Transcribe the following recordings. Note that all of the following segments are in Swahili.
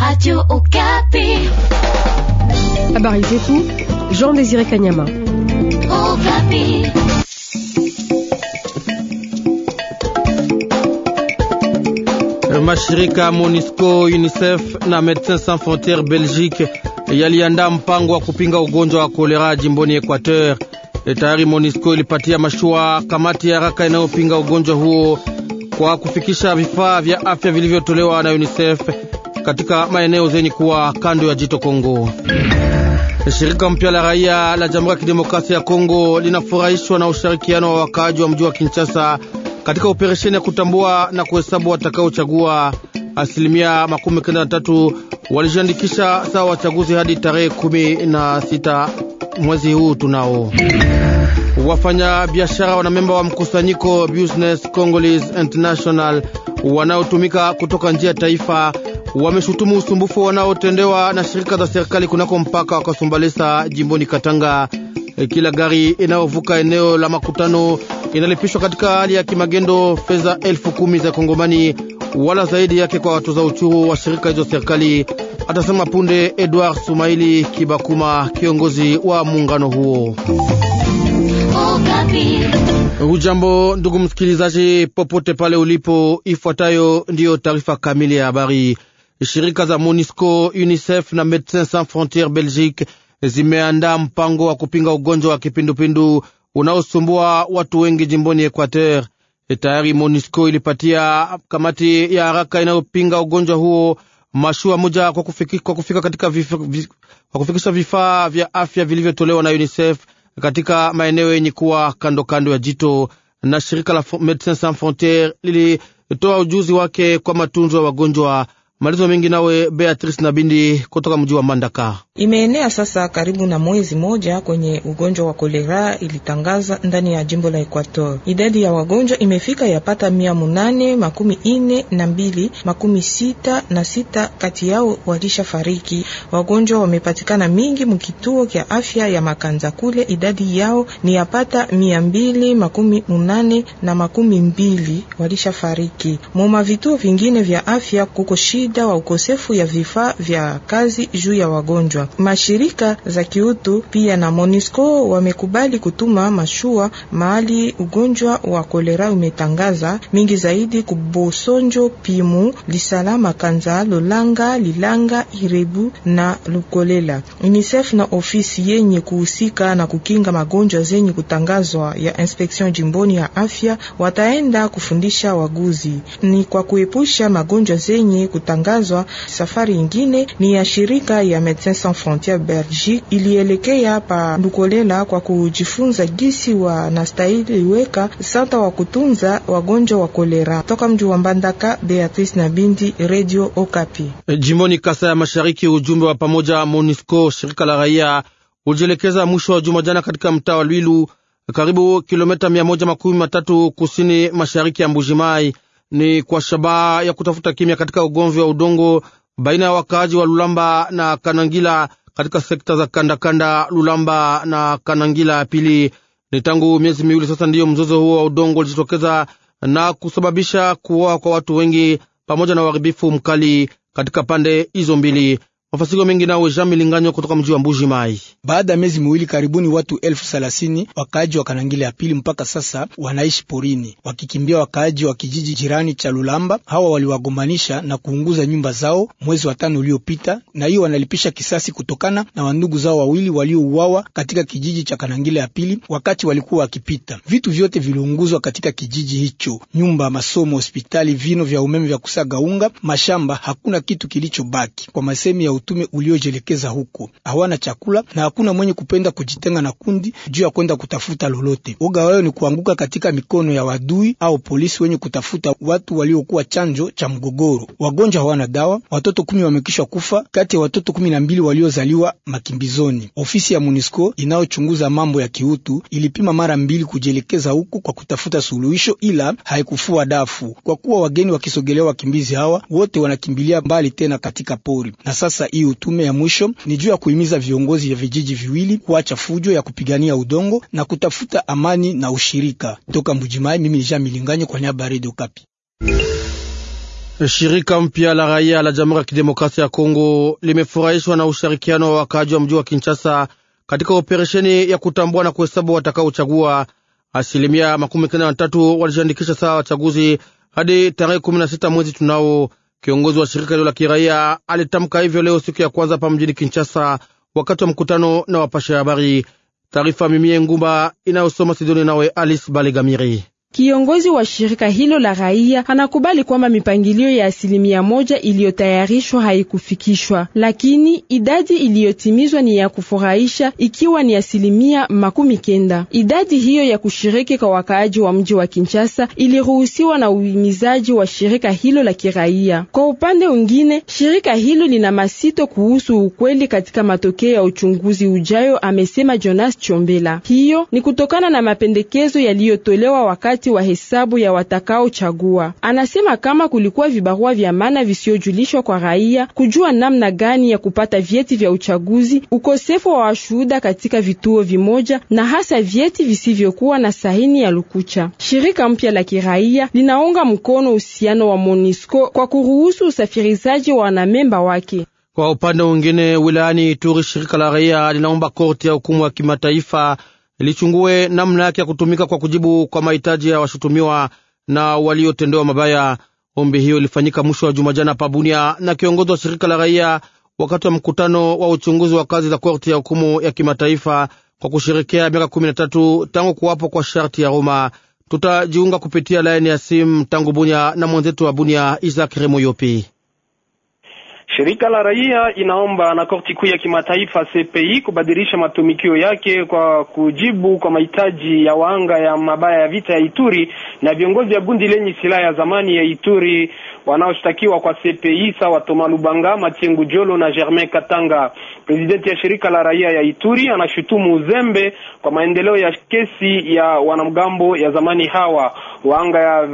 Radio Okapi. Habari zetu Jean Désiré Kanyama. Okapi. Mashirika Monisco, UNICEF na Médecins Sans Frontières Belgique yaliandaa mpango wa kupinga ugonjwa wa kolera jimboni Equateur. E, tayari Monisco ilipatia mashua kamati ya haraka inayopinga ugonjwa huo kwa kufikisha vifaa vya afya vilivyotolewa na UNICEF katika maeneo zenye kuwa kando ya jito Kongo. Shirika mpya la raia la Jamhuri ya Kidemokrasia ya Kongo linafurahishwa na ushirikiano wa wakaaji wa mji wa Kinshasa katika operesheni ya kutambua na kuhesabu watakaochagua. Asilimia makumi kenda na tatu walijiandikisha sawa wachaguzi hadi tarehe kumi na sita mwezi huu. Tunao wafanya biashara wanamemba wa mkusanyiko Business Congolese International wanaotumika kutoka njia ya taifa wameshutumu usumbufu wanaotendewa na shirika za serikali kunako mpaka wa Kasumbalesa jimboni Katanga. E, kila gari inayovuka eneo la makutano inalipishwa katika hali ya kimagendo fedha elfu kumi za Kongomani wala zaidi yake kwa watoza uchuru wa shirika hizo serikali, atasema punde Edward Sumaili Kibakuma, kiongozi wa muungano huo. Hujambo ndugu msikilizaji, popote pale ulipo, ifuatayo ndiyo taarifa kamili ya habari. Shirika za MONUSCO, UNICEF na Medecins Sans Frontieres Belgique zimeandaa mpango wa kupinga ugonjwa wa kipindupindu unaosumbua watu wengi jimboni Equateur. Tayari MONUSCO ilipatia kamati ya haraka inayopinga ugonjwa huo mashua moja kwa, kufiki, kwa kufika katika vif, vif, kwa kufikisha vifaa vya afya vilivyotolewa na UNICEF katika maeneo yenye kuwa kando kando ya jito, na shirika la Medecins Sans Frontieres lilitoa ujuzi wake kwa matunzo ya wagonjwa Malizo mengi nawe Beatrice Nabindi Bindi kutoka mji wa Mbandaka imeenea sasa karibu na mwezi moja kwenye ugonjwa wa kolera ilitangaza ndani ya jimbo la ekuator Idadi ya wagonjwa imefika yapata mia munane makumi ine na mbili makumi sita na sita kati yao walisha fariki. Wagonjwa wamepatikana mingi mkituo kya afya ya Makanza kule, idadi yao ni yapata mia mbili makumi munane na makumi mbili walisha fariki. Muma vituo vingine vya afya kuko shida wa ukosefu ya vifaa vya kazi juu ya wagonjwa kunywa. Mashirika za kiutu pia na MONUSCO wamekubali kutuma mashua mahali ugonjwa wa kolera umetangaza mingi zaidi: Kubosonjo, Pimu, Lisalama, Kanza, Lolanga, Lilanga, Irebu na Lukolela. UNICEF na ofisi yenye kuhusika na kukinga magonjwa zenye kutangazwa ya inspektion jimboni ya afya wataenda kufundisha waguzi ni kwa kuepusha magonjwa zenye kutangazwa. Safari ingine ni ya shirika ya Medecins Sans Frontiere Belgique ilielekea pa Ndukolela kwa kujifunza gisi wa wanastahili weka santa wa kutunza wagonjwa wa kolera. Toka mji wa Mbandaka, Beatrice na Bindi, Radio Okapi. Jimboni Kasa ya Mashariki, ujumbe wa pamoja MONUSCO shirika la raia ujielekeza mwisho wa juma jana katika mtaa wa Lwilu karibu kilomita mia moja makumi matatu kusini mashariki ya Mbujimai ni kwa shabaha ya kutafuta kimya katika ugomvi wa udongo baina ya wakaaji wa Lulamba na Kanangila katika sekta za kandakanda kanda, Lulamba na Kanangila ya pili. Ni tangu miezi miwili sasa ndiyo mzozo huo wa udongo ulijitokeza na kusababisha kuoa kwa watu wengi pamoja na uharibifu mkali katika pande hizo mbili mafasiko mengi nawe Jean Milinganyo kutoka mji wa Mbuji Mai. Baada ya miezi miwili karibuni, watu elfu thelathini wakaaji wa Kanangile ya pili mpaka sasa wanaishi porini wakikimbia wakaaji wa kijiji jirani cha Lulamba. Hawa waliwagombanisha na kuunguza nyumba zao mwezi wa tano uliopita, na hiyo wanalipisha kisasi kutokana na wandugu zao wawili waliouawa katika kijiji cha Kanangile ya pili wakati walikuwa wakipita. Vitu vyote viliunguzwa katika kijiji hicho: nyumba, masomo, hospitali, vino vya umeme vya kusaga unga, mashamba. Hakuna kitu kilichobaki kwa masemi ya utume uliojelekeza huko. Hawana chakula na hakuna mwenye kupenda kujitenga na kundi juu ya kwenda kutafuta lolote. Oga wao ni kuanguka katika mikono ya wadui au polisi wenye kutafuta watu waliokuwa chanjo cha mgogoro. Wagonjwa hawana dawa, watoto kumi wamekishwa kufa kati ya watoto kumi na mbili waliozaliwa makimbizoni. Ofisi ya MONUSCO inayochunguza mambo ya kiutu ilipima mara mbili kujielekeza huko kwa kutafuta suluhisho, ila haikufua dafu, kwa kuwa wageni wakisogelea wakimbizi hawa wote wanakimbilia mbali tena katika pori, na sasa hii utume ya mwisho ni juu ya kuhimiza viongozi ya vijiji viwili kuacha fujo ya kupigania udongo na kutafuta amani na ushirika. Toka Mbujimai, mimi ni Jean Milinganyo kwa niaba ya Radio Kapi. Shirika mpya la raia la Jamhuri ya Kidemokrasia ya Kongo limefurahishwa na ushirikiano wa wakaaji wa mji wa Kinshasa katika operesheni ya kutambua na kuhesabu watakaochagua. Asilimia makumi kenda na tatu walijiandikisha saa wachaguzi hadi tarehe kumi na sita mwezi tunao Kiongozi wa shirika hilo la kiraia alitamka hivyo leo siku ya kwanza pa mjini Kinshasa wakati wa mkutano na wapasha habari. Taarifa Mimie Ngumba inayosoma Sidoni nawe Alice Baligamiri. Kiongozi wa shirika hilo la raia anakubali kwamba mipangilio ya asilimia moja iliyotayarishwa haikufikishwa, lakini idadi iliyotimizwa ni ya kufurahisha, ikiwa ni asilimia makumi kenda. Idadi hiyo ya kushiriki kwa wakaaji wa mji wa Kinshasa iliruhusiwa na uhimizaji wa shirika hilo la kiraia. Kwa upande mwingine, shirika hilo lina masito kuhusu ukweli katika matokeo ya uchunguzi ujayo, amesema Jonas Chombela. Hiyo ni kutokana na mapendekezo yaliyotolewa wakati wakati wa hesabu ya watakaochagua. Anasema kama kulikuwa vibarua vya maana visiyojulishwa kwa raia kujua namna gani ya kupata vyeti vya uchaguzi, ukosefu wa washuhuda katika vituo vimoja, na hasa vyeti visivyokuwa na sahini ya lukucha. Shirika mpya la kiraia linaunga mkono uhusiano wa MONUSCO kwa kuruhusu usafirizaji wa wanamemba wake. Kwa upande mwingine, wilayani Ituri, shirika la raia linaomba korti ya hukumu ya kimataifa lichungue namna yake ya kutumika kwa kujibu kwa mahitaji ya washutumiwa na waliotendewa mabaya. Ombi hiyo ilifanyika mwisho wa juma jana Pabunia na kiongozi wa shirika la raia wakati wa mkutano wa uchunguzi wa kazi za korti ya hukumu ya kimataifa kwa kusherekea miaka kumi na tatu tangu kuwapo kwa sharti ya Roma. Tutajiunga kupitia laini ya simu tangu Bunya na mwenzetu wa Bunya Isak yopi Shirika la raia inaomba na korti kuu ya kimataifa CPI kubadilisha matumikio yake kwa kujibu kwa mahitaji ya waanga ya mabaya ya vita ya Ituri na viongozi wa gundi lenye silaha ya zamani ya Ituri wanaoshtakiwa kwa CPI sawa Toma Lubanga, Matiengu Jolo na Germain Katanga. Presidenti ya shirika la raia ya Ituri anashutumu uzembe kwa maendeleo ya kesi ya wanamgambo ya zamani hawa wanga ya,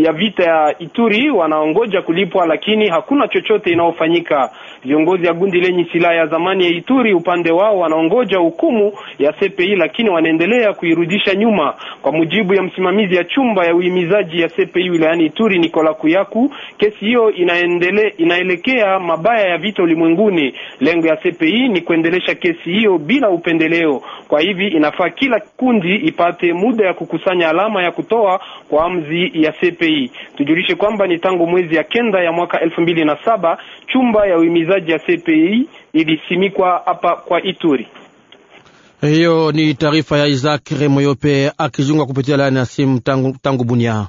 ya vita ya Ituri wanaongoja kulipwa, lakini hakuna chochote inayofanyika. Viongozi ya gundi lenye silaha ya zamani ya Ituri upande wao wanaongoja hukumu ya CPI, lakini wanaendelea kuirudisha nyuma. Kwa mujibu ya msimamizi ya chumba ya uhimizaji ya CPI wilayani Ituri Nikola Kuyaku, kesi hiyo inaendele, inaelekea mabaya ya vita ulimwenguni. Lengo ya CPI ni kuendelesha kesi hiyo bila upendeleo. Kwa hivi inafaa kila kundi ipate muda ya kukusanya alama ya kutoa kwa amzi ya CPI. Tujulishe kwamba ni tangu mwezi ya kenda ya mwaka elfu mbili na saba chumba ya uhimizaji ya CPI ilisimikwa hapa kwa Ituri. Hiyo ni taarifa ya Isaac remoyope akizunga kupitia laini ya simu tangu, tangu Bunia.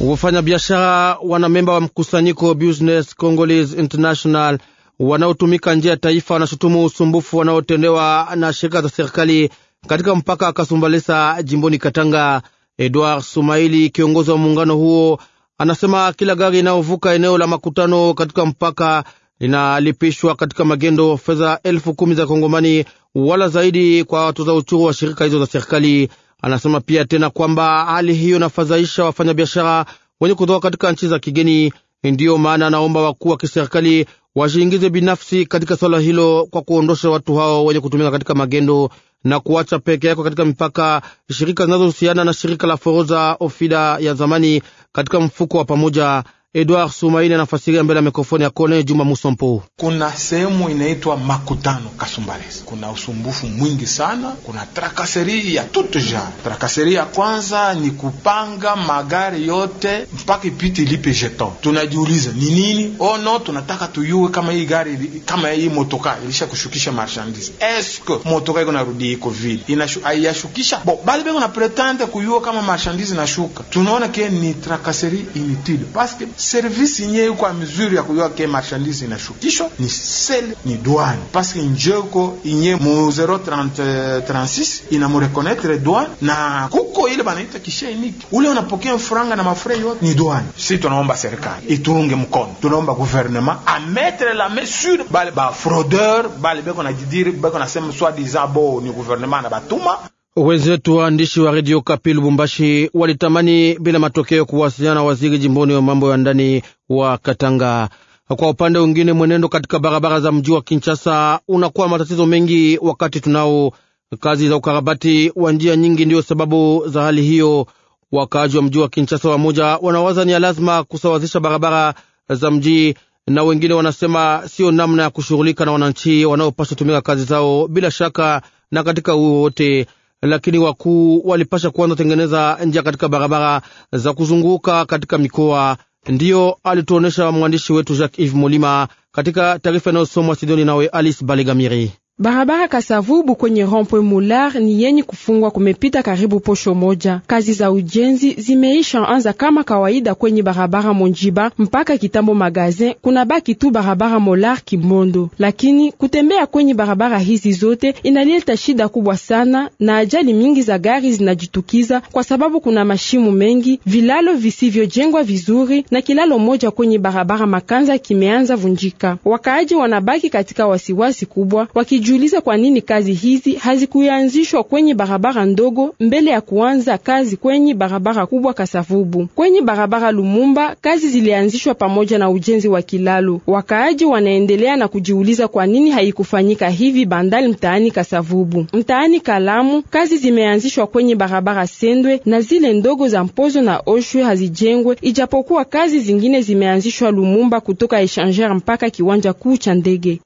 Wafanya biashara memba wa mkusanyiko Business Congolese International wanaotumika njia ya taifa wanashutumu usumbufu wanaotendewa na shirika za serikali katika mpaka Kasumbalesa jimboni Katanga. Edward Sumaili, kiongozi wa muungano huo, anasema kila gari inayovuka eneo la makutano katika mpaka linalipishwa katika magendo fedha elfu kumi za Kongomani wala zaidi kwa watoza uchuru wa shirika hizo za serikali. Anasema pia tena kwamba hali hiyo inafadhaisha wafanyabiashara wenye kutoka katika nchi za kigeni. Ndiyo maana anaomba wakuu wa kiserikali washiingize binafsi katika swala hilo kwa kuondosha watu hao wenye kutumika katika magendo na kuacha peke yako katika mipaka shirika zinazohusiana na shirika la Foroza Ofida ya zamani katika mfuko wa pamoja Edward Sumaini anafasiria mbele ya mikrofoni ya Kone Juma Musompo. Kuna sehemu inaitwa Makutano Kasumbalesa, kuna usumbufu mwingi sana, kuna trakaseri ya tutu genre. Trakaseri ya kwanza ni kupanga magari yote mpaka ipite ilipe jeton. Tunajiuliza ni nini? Oh no, tunataka tuyue kama hii gari kama hii motoka ilisha kushukisha marchandise, eske motoka iko narudi iko vile aiyashukisha bo, bali beko na pretende kuyua kama marchandise nashuka Tunaona ke ni trakaseri inutile paske servisi nyewe kwa mizuri ya kujua ke marshandise inashukishwa ni seli ni douane, paske njeko inye mu 036 inamurekonetre douane, na kuko ile banaita kishe iniki, ule unapokea franga na mafre yote ni douane. Si tunaomba serikali iturunge mkono, tunaomba gouvernement ametre la main sur bale ba fraudeur bale beko najidiri beko nasema swadisa bo ni gouvernement na batuma Wenzetu waandishi wa redio Kapi Lubumbashi walitamani bila matokeo kuwasiliana na waziri jimboni wa mambo ya ndani wa Katanga. Kwa upande wengine, mwenendo katika barabara za mji wa Kinshasa unakuwa matatizo mengi, wakati tunao kazi za ukarabati wa njia nyingi. Ndiyo sababu za hali hiyo, wakaaji wa mji wa Kinshasa wamoja wanawaza ni lazima kusawazisha barabara za mji, na wengine wanasema sio namna ya kushughulika na wananchi wanaopaswa tumika kazi zao bila shaka na katika huo wote lakini wakuu walipasha kuanza tengeneza njia katika barabara za kuzunguka katika mikoa. Ndiyo alituonesha mwandishi wetu Jacques Yves Molima katika taarifa inayosomwa Sidoni nawe Alice Balegamiri. Barabara Kasavubu kwenye rompwe Mular ni yenye kufungwa kumepita karibu posho moja. Kazi za ujenzi zimeisha anza kama kawaida kwenye barabara Monjiba mpaka Kitambo Magazin, kuna baki tu barabara Molar Kimondo, lakini kutembea kwenye barabara hizi zote inaleta shida kubwa sana, na ajali mingi za gari zinajitukiza kwa sababu kuna mashimu mengi, vilalo visivyojengwa vizuri, na kilalo moja kwenye barabara Makanza kimeanza vunjika. Wakaaji wanabaki katika wasiwasi kubwa wakiju Tunajiuliza kwa nini kazi hizi hazikuanzishwa kwenye barabara ndogo mbele ya kuanza kazi kwenye barabara kubwa Kasavubu. Kwenye barabara Lumumba kazi zilianzishwa pamoja na ujenzi wa kilalo. Wakaaji wanaendelea na kujiuliza kwa nini haikufanyika hivi bandali mtaani Kasavubu. Mtaani Kalamu kazi zimeanzishwa kwenye barabara Sendwe na zile ndogo za Mpozo na Oshwe hazijengwe, ijapokuwa kazi zingine zimeanzishwa Lumumba kutoka echangere mpaka kiwanja kuu cha ndege.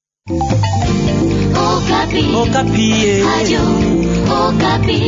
Okapi. Okapi.